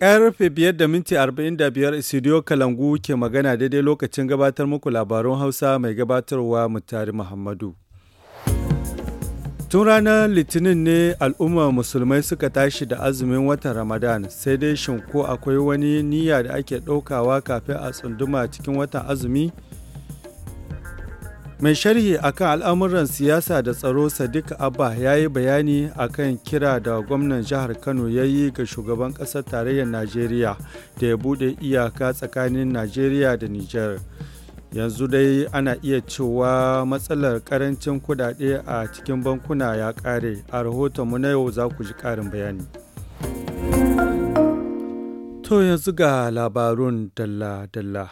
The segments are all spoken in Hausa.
Karfe biyar da minti arba'in da biyar Isidiyo Kalangu ke magana daidai lokacin gabatar muku labarun Hausa mai gabatarwa Mutari Muhammadu. Tun ranar Litinin ne al'ummar musulmai suka tashi da azumin watan Ramadan sai dai shin ko akwai wani niyya da ake ɗaukawa kafin a tsunduma cikin watan azumi? mai sharhi akan al'amuran siyasa da tsaro sadiq abba ya yi bayani akan kira da gwamnan jihar kano ya yi ga shugaban ƙasar tarayyar najeriya da ya buɗe iyaka tsakanin najeriya da nijar yanzu dai ana iya cewa matsalar karancin kuɗaɗe a cikin bankuna ya ƙare a rahoton mu na yau za ku ji ƙarin bayani to yanzu ga labarun dalla-dalla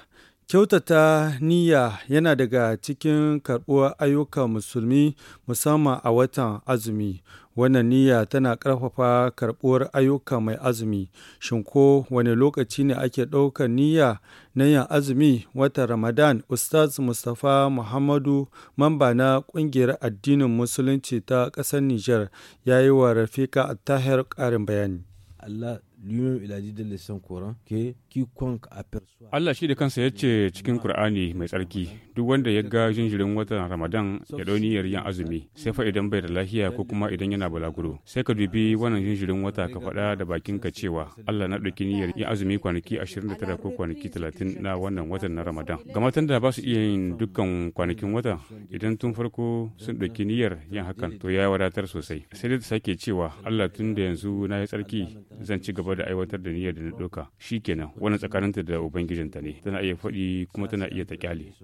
Kyautata niyya yana daga cikin karɓuwar ayyukan musulmi musamman a watan azumi. Wannan niyya tana ƙarfafa karɓuwar ayyuka mai azumi. Shin ko wane lokaci ne ake ɗaukar niyya na yin azumi watan Ramadan? Ustaz Mustapha Muhammadu mamba na ƙungiyar addinin Musulunci ta ƙasar Nijar ya yi wa Rafika tahir ƙarin bayani. Allah lui-même il a dit dans coran que quiconque aperçoit Allah shi da kansa ya cikin Kur'ani mai tsarki duk wanda ya ga jinjirin watan Ramadan ya dau niyyar yin azumi sai fa idan bai da lafiya ko kuma idan yana balaguro sai ka dubi wannan jinjirin wata ka faɗa da bakin ka cewa Allah na dauki niyyar yin azumi kwanaki 29 ko kwanaki 30 na wannan watan na Ramadan ga matan da ba su iya yin dukkan kwanakin wata idan tun farko sun ɗauki niyyar yin hakan to ya wadatar sosai sai dai sake cewa Allah tun da yanzu na yi tsarki zan ci gaba gaba da aiwatar da niyyar da na ɗauka shi kenan wannan tsakaninta da ubangijinta ne tana iya faɗi kuma tana iya ta kyale.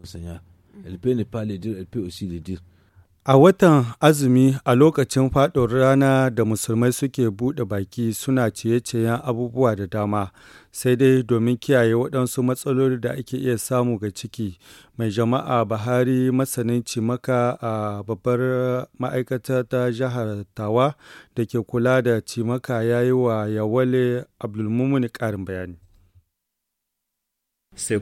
A watan azumi a lokacin faɗin rana da musulmai suke buɗe baki suna ciye-ciyen abubuwa da dama, sai dai domin kiyaye waɗansu matsaloli da ake iya samu ga ciki. Mai jama'a Buhari masanin cimaka a babbar ma'aikata ta jihar Tawa da ke kula da cimaka ya yi wa Yawale Abdulmumin ƙarin bayani. Euh,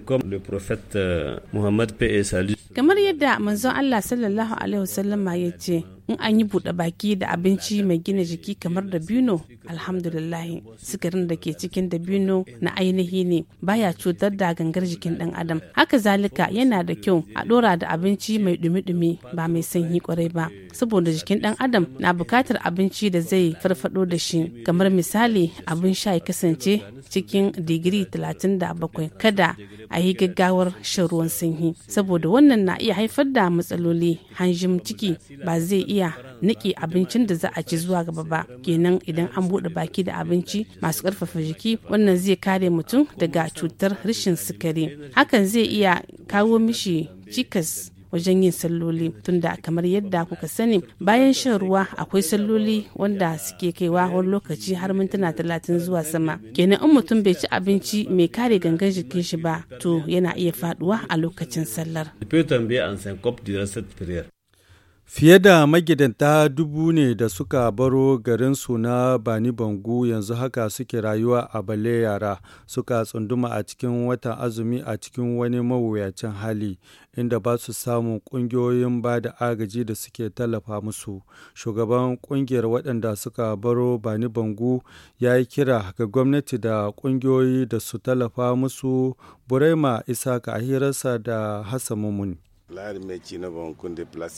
Kamar yadda manzon Allah sallallahu Alaihi wasallama ya ce, in an yi buɗe baki da abinci mai gina jiki kamar dabino alhamdulillahi sigarin da ke cikin dabino na ainihi ne baya cutar da gangar jikin ɗan adam haka zalika yana da kyau a ɗora da abinci mai ɗumi-ɗumi ba mai sanyi kwarai ba saboda jikin ɗan adam na buƙatar abinci da zai farfaɗo da shi kamar misali abin sha ya kasance cikin digiri talatin da bakwai kada a yi gaggawar shan ruwan sanyi saboda wannan na iya haifar da matsaloli hanjin ciki ba zai iya iya nike abincin da za a ci zuwa gaba ba kenan idan an buɗe baki da abinci masu ƙarfafa jiki wannan zai kare mutum daga cutar rashin sukari hakan zai iya kawo mishi cikas wajen yin salloli tunda kamar yadda kuka sani bayan shan ruwa akwai salloli wanda suke kaiwa wani lokaci har mintuna talatin zuwa sama kenan in mutum bai ci abinci mai kare gangan jikin shi ba to yana iya faduwa a lokacin sallar Fiye da magidanta dubu ne da suka baro garinsu na Bani Bangu yanzu haka suke rayuwa a Bale Yara suka tsunduma a cikin watan azumi a cikin wani mawuyacin hali inda ba su samun ƙungiyoyin ba da agaji da suke tallafa musu. Shugaban ƙungiyar waɗanda suka baro Bani Bangu ya yi kira ga gwamnati da ƙungiyoyi da su tallafa musu Burema Isaka a hirarsa da Hassan Mumuni.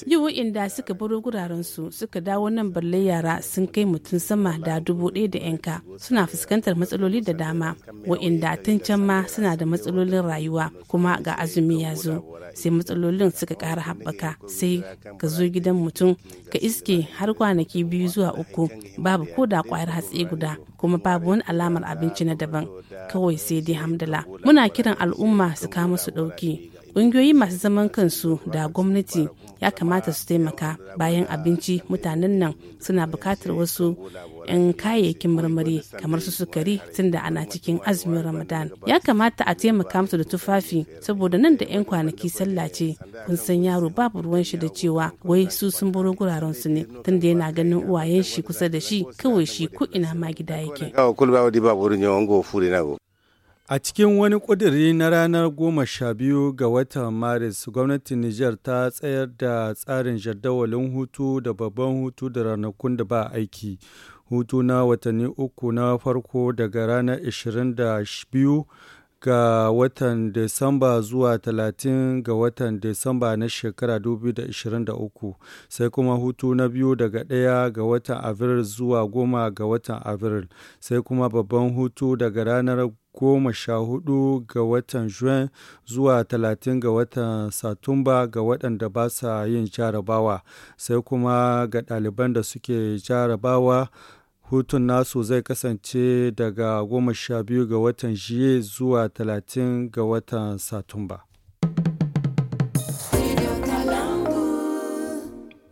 Yau inda suka baro gurarensu suka dawo nan balle yara sun kai mutum sama da dubu ɗaya da yanka suna fuskantar matsaloli da dama wa'inda tun can ma suna da matsalolin rayuwa kuma ga azumi ya zo sai matsalolin suka ƙara haɓaka sai ka zo gidan mutum ka iske har kwanaki biyu zuwa uku babu ko da ƙwayar hatsi guda kuma babu wani alamar abinci na daban kawai sai dai hamdala muna kiran al'umma su kama su ɗauki ƙungiyoyi masu zaman kansu da gwamnati ya kamata su taimaka bayan abinci mutanen nan suna bukatar wasu 'yan kayayyakin marmari kamar su sukari tunda ana cikin azumin ramadan ya kamata a taimaka musu da tufafi saboda nan da 'yan kwanaki sallah ce kun san yaro babu ruwan shi da cewa wai su sun baro guraren su ne tunda yana ganin uwayen shi kusa da shi kawai shi ko ina ma gida yake A cikin wani ƙudiri na ranar goma sha biyu ga watan Maris, gwamnatin Nijar ta tsayar da tsarin jadawalin hutu da babban hutu da ranakun da ba aiki. Hutu na watanni uku na farko daga ranar 22 ga watan Disamba zuwa 30 ga watan Disamba na shekara 2023 sai kuma hutu na biyu daga ɗaya ga watan Abril zuwa goma ga watan Abril sai kuma babban hutu daga ranar goma sha hudu ga watan juin zuwa talatin ga watan satumba ga waɗanda ba sa yin jarabawa sai kuma ga ɗaliban da suke jarabawa hutun nasu zai kasance daga goma sha biyu ga watan jiye zuwa talatin ga watan satumba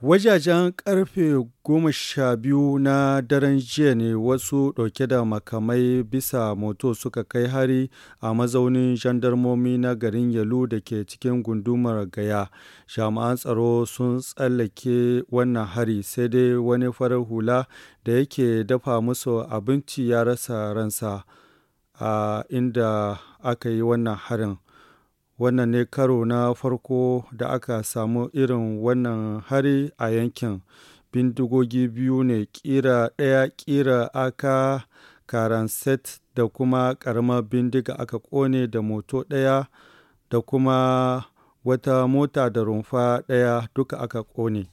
Wajajen karfe 12 na daren jiya ne wasu ɗauke da makamai bisa moto suka kai hari a mazaunin jandarmomi na garin Yalu da ke cikin gundumar Gaya. Jami'an tsaro sun tsallake wannan hari sai dai wani farar hula da yake dafa musu abinci ya rasa ransa a inda aka yi wannan harin. wannan ne karo na farko da aka samu irin wannan hari a yankin bindigogi biyu ne kira ɗaya kira aka karanset da kuma ƙaramar bindiga aka ƙone da moto ɗaya da kuma wata mota da rumfa ɗaya duka aka ƙone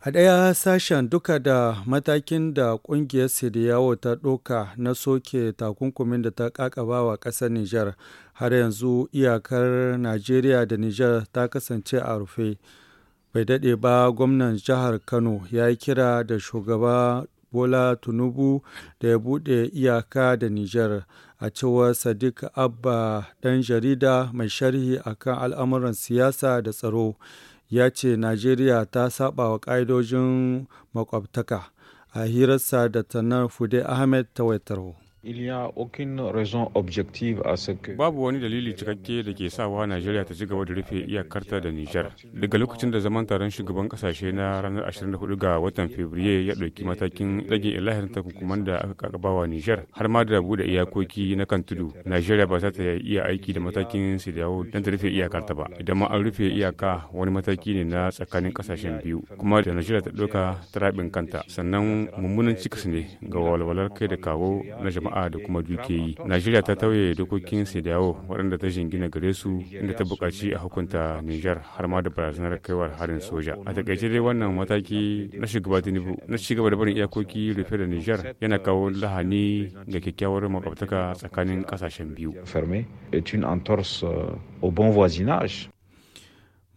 a ɗaya sashen duka da matakin da ƙungiyar siriyawo ta ɗoka na soke takunkumin da ta ƙaƙabawa ƙasar nijar har yanzu iyakar najeriya da niger ta kasance a rufe bai daɗe ba gwamnan jihar kano ya yi kira da shugaba bola tunubu da ya buɗe iyaka da niger a cewar sadiq abba ɗan jarida mai sharhi akan al'amuran siyasa da tsaro ya ce najeriya ta saba wa ƙa'idojin makwabtaka a hirarsa da tanar fude ahmed tawaitarwa Babu wani dalili cikakke da ke sawa Najeriya ta ci gaba da rufe iyakarta da Nijar. Daga lokacin da zaman taron shugaban kasashe na ranar 24 ga watan Fabriye ya ɗauki matakin rage ilahirin takunkuman da aka wa Nijar har ma da buɗe iyakoki na kan tudu. Najeriya ba za ta iya aiki da matakin Sidiyawo don ta rufe iyakarta ba. Idan ma an rufe iyaka wani mataki ne na tsakanin kasashen biyu kuma da Najeriya ta ɗauka tarabin kanta sannan mummunan cikas ne ga walwalar kai da kawo na jama'a. jama'a da kuma duke yi najeriya ta tauye dokokin sedeo waɗanda ta jingina gare su inda ta buƙaci a hukunta niger har ma da barazanar kaiwar harin soja a takaice dai wannan mataki na shugaba tinubu na cigaba da barin iyakoki rufe da niger yana kawo lahani ga kyakkyawar makwabtaka tsakanin ƙasashen biyu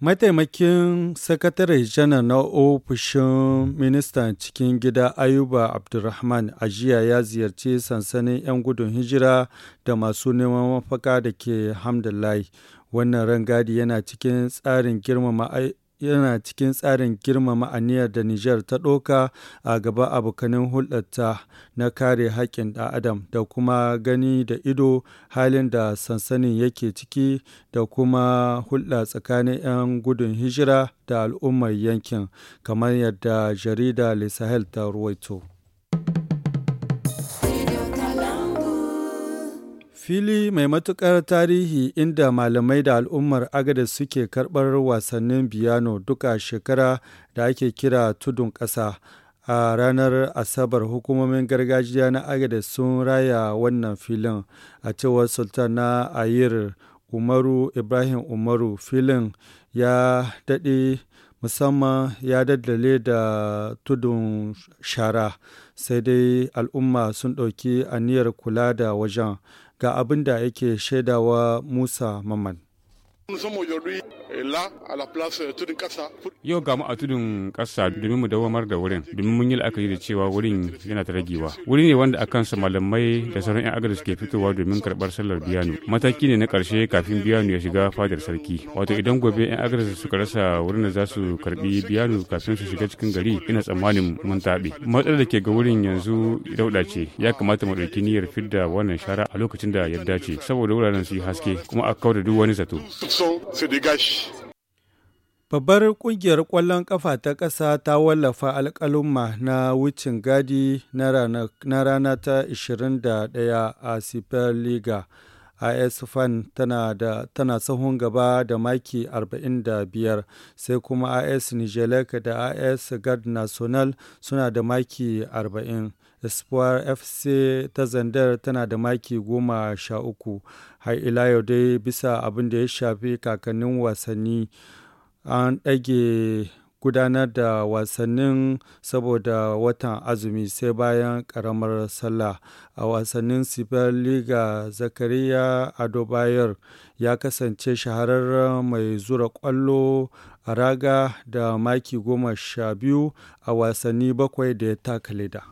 Mataimakin Sakatare Janar na Ofishin Ministan Cikin Gida Ayuba Abdulrahman a jiya ya ziyarci sansanin 'yan gudun hijira da masu neman mafaka da ke hamdullahi Wannan rangadi yana cikin tsarin girmama yana cikin tsarin girmama aniyar da Nijar ta ɗoka a gaba abokanin hulɗarta na kare haƙƙin ɗan adam da kuma gani da ido halin da sansanin yake ciki da kuma hulɗa tsakanin 'yan gudun hijira da al'ummar yankin kamar yadda jarida Le ta ruwaito. Fili mai matuƙar tarihi inda malamai da al'ummar agada suke karɓar wasannin biyano duka shekara da ake kira tudun ƙasa. a ranar asabar hukumomin gargajiya na agada sun raya wannan filin a cewar sultana ayir umaru ibrahim umaru filin ya daɗe musamman ya daddale da tudun shara sai dai al'umma sun ɗauki aniyar kula da wajen ga abin da yake shaidawa Musa Mamman. Euh, euh, Yau ga mu a tudun kasa domin mu dawamar da wurin domin mun yi la'akari da cewa wurin yana ta ragewa. Wuri ne wanda a kansa malamai da sauran 'yan agadas ke fitowa domin karɓar sallar biyanu. Mataki ne na karshe kafin biyanu ya shiga fadar sarki. Wato idan gobe 'yan agadas suka rasa wurin da za su karɓi biyanu kafin su shiga cikin gari ina tsammanin mun taɓe. Matsalar da ke ga wurin yanzu dauɗa ce ya kamata mu ɗauki niyyar fidda wannan shara a lokacin da ya dace saboda wuraren su yi haske kuma a kawar da duk wani zato. Babbar kungiyar ƙwallon ƙafa ta ƙasa ta wallafa alƙalumma na wucin gadi na rana ta 21 a super Superliga. AS Fan tana, da, sahun gaba da maki 45 sai kuma AS Nijelek da AS Gard National suna da maki 40. espoir fc ta zandar tana da maki goma sha uku har ila yau dai bisa abin da ya shafi kakannin wasanni an ɗage gudanar da wasannin saboda watan azumi sai bayan karamar sallah a wasannin super liga zakariya adobayar ya kasance shahararren mai zura kwallo a raga da maki goma sha biyu a wasanni bakwai da ya taka leda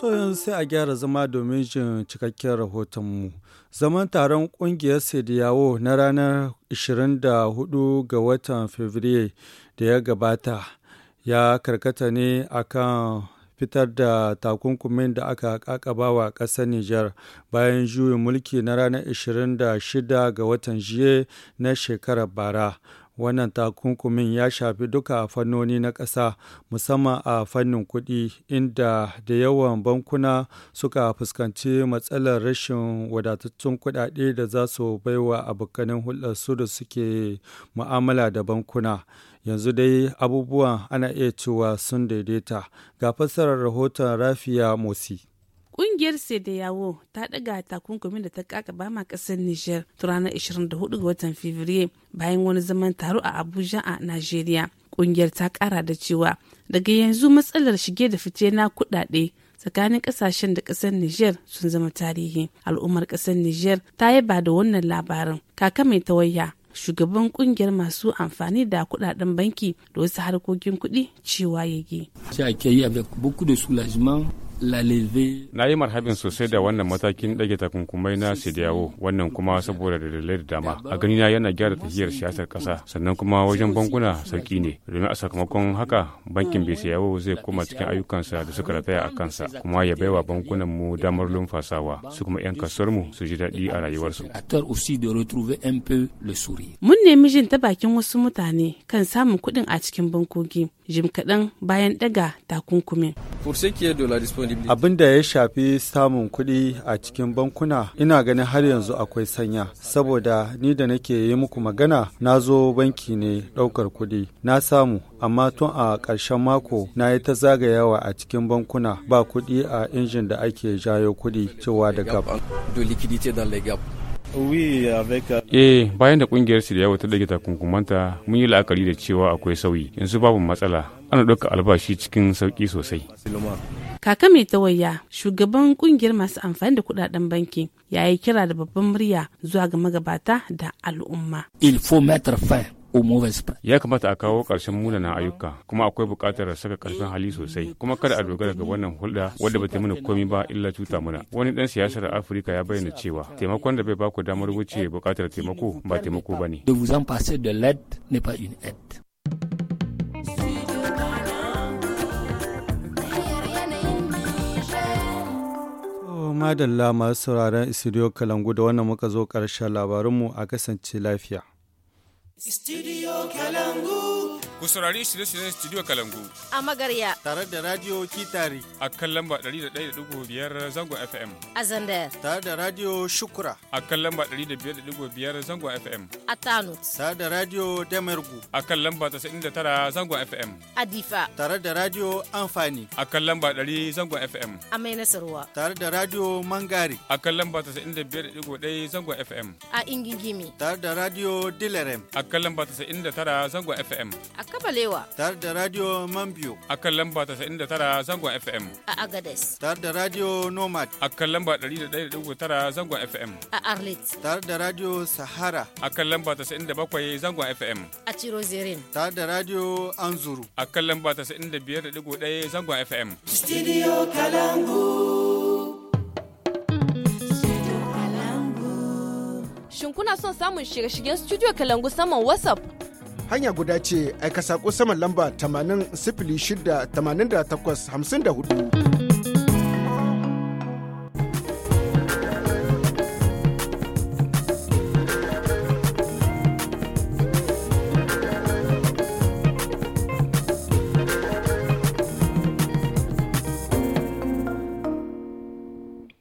To yanzu sai a gyara zama domin jin cikakken rahotonmu. Zaman taron kungiyar Sediyawo na ranar 24 ga watan Fabrairu da ya gabata ya karkata ne akan fitar da takunkumin da aka kakaba wa ƙasar Nijar bayan juyin mulki na ranar 26 ga watan jiye na shekarar bara. Wannan takunkumin ya shafi duka fannoni na ƙasa, musamman a fannin kuɗi, inda da yawan bankuna suka fuskanci matsalar rashin wadatattun kuɗaɗe da za su baiwa hulɗar su da suke mu'amala da bankuna. Yanzu dai abubuwan ana iya cewa sun daidaita. Ga fassarar rahoton Rafiya Mosi. Ƙungiyar Sedeyawo ta ɗaga takunkumin da ta ba ma ƙasar Nijar ta ranar 24 ga watan Fabrairu bayan wani zaman taro a Abuja a Najeriya. Ƙungiyar ta ƙara da cewa daga yanzu matsalar shige da fice na kudade tsakanin ƙasashen da ƙasar Nijar sun zama tarihi. Al'ummar ƙasar Nijar ta yaba da wannan labarin. Kaka mai tawayya shugaban kungiyar masu amfani da kudaden banki da wasu harkokin kuɗi cewa yage. Na yi marhabin sosai da wannan matakin ɗage takunkumai na Sidiyawo wannan kuma saboda dalilai da dama. A ganina yana gyara tafiyar siyasar ƙasa sannan kuma wajen bankuna sarki ne. Domin a sakamakon haka bankin Bisiyawo zai koma cikin ayyukansa da suka rataya a kansa kuma ya baiwa bankunan mu damar lumfasawa su kuma 'yan kasuwar mu su ji daɗi a rayuwarsu. Mun ne jin ta bakin wasu mutane kan samun kuɗin a cikin bankoki jim kaɗan bayan ɗaga takunkumin. Pour ce qui est de la abin da ya shafi samun kuɗi a cikin bankuna ina ganin har yanzu akwai sanya saboda ni da nake yi muku magana na zo banki ne ɗaukar kuɗi na samu amma tun a ƙarshen mako na yi ta zagayawa a cikin bankuna ba kuɗi a injin da ake jayo kuɗi cewa da gab. Euh, eh bayan da kungiyar su da yawa ta dage takunkumanta mun yi la'akari da cewa akwai sauyi yanzu babu matsala ana ɗauka albashi cikin sauƙi sosai. Kaka mai tawayya shugaban kungiyar masu amfani da kudaden banki ya yi kira da babban murya zuwa ga magabata da al'umma. Il faut Ya kamata a kawo ƙarshen munanan ayyuka kuma akwai buƙatar saka ƙarfin hali sosai kuma kada a dogara ga wannan hulɗa wadda bata mana komi ba illa cuta mana. Wani ɗan siyasar Afirka ya bayyana cewa taimakon da bai baku damar wuce buƙatar taimako ba taimako ba ne. madalla masu sauraron isidiyo kalangu da wannan muka zo ƙarshen labarinmu a kasance lafiya. Studio Kalangu. Ku saurari shirye-shiryen Studio Kalangu. A magarya. Tare da Radio Kitari. A kan lamba 101.5 zangon FM. A Zandaya. Tare da Radio Shukura. A kan lamba 105.5 zangon FM. A Tano. Tare da Radio Damergu. A kan lamba 99 zangon FM. A Difa. Tare da Radio Amfani. A kan lamba 100 zangon FM. A Mai Nasarwa. Tare da Radio Mangari. A kan lamba 95.1 zangon FM. A Ingigimi. Tare da Radio Dilerem. A kan lamba 99 zangon FM. A Kabalewa. Tare da Radio Mambio. A kan lamba 99 zangon FM. A Agades. Tare da Radio Nomad. A kan lamba 101.9 zangon FM. A Arlit. Tare da Radio Sahara. A kan lamba 97 zangon FM. A Chirozirin. Tare da Radio Anzuru. A kan lamba 95.1 zangon FM. Studio Kalangu. Shin kuna son samun shirye-shiryen Studio Kalangu saman WhatsApp? Hanya guda ce aika saƙo saman lamba 80 06 88 54.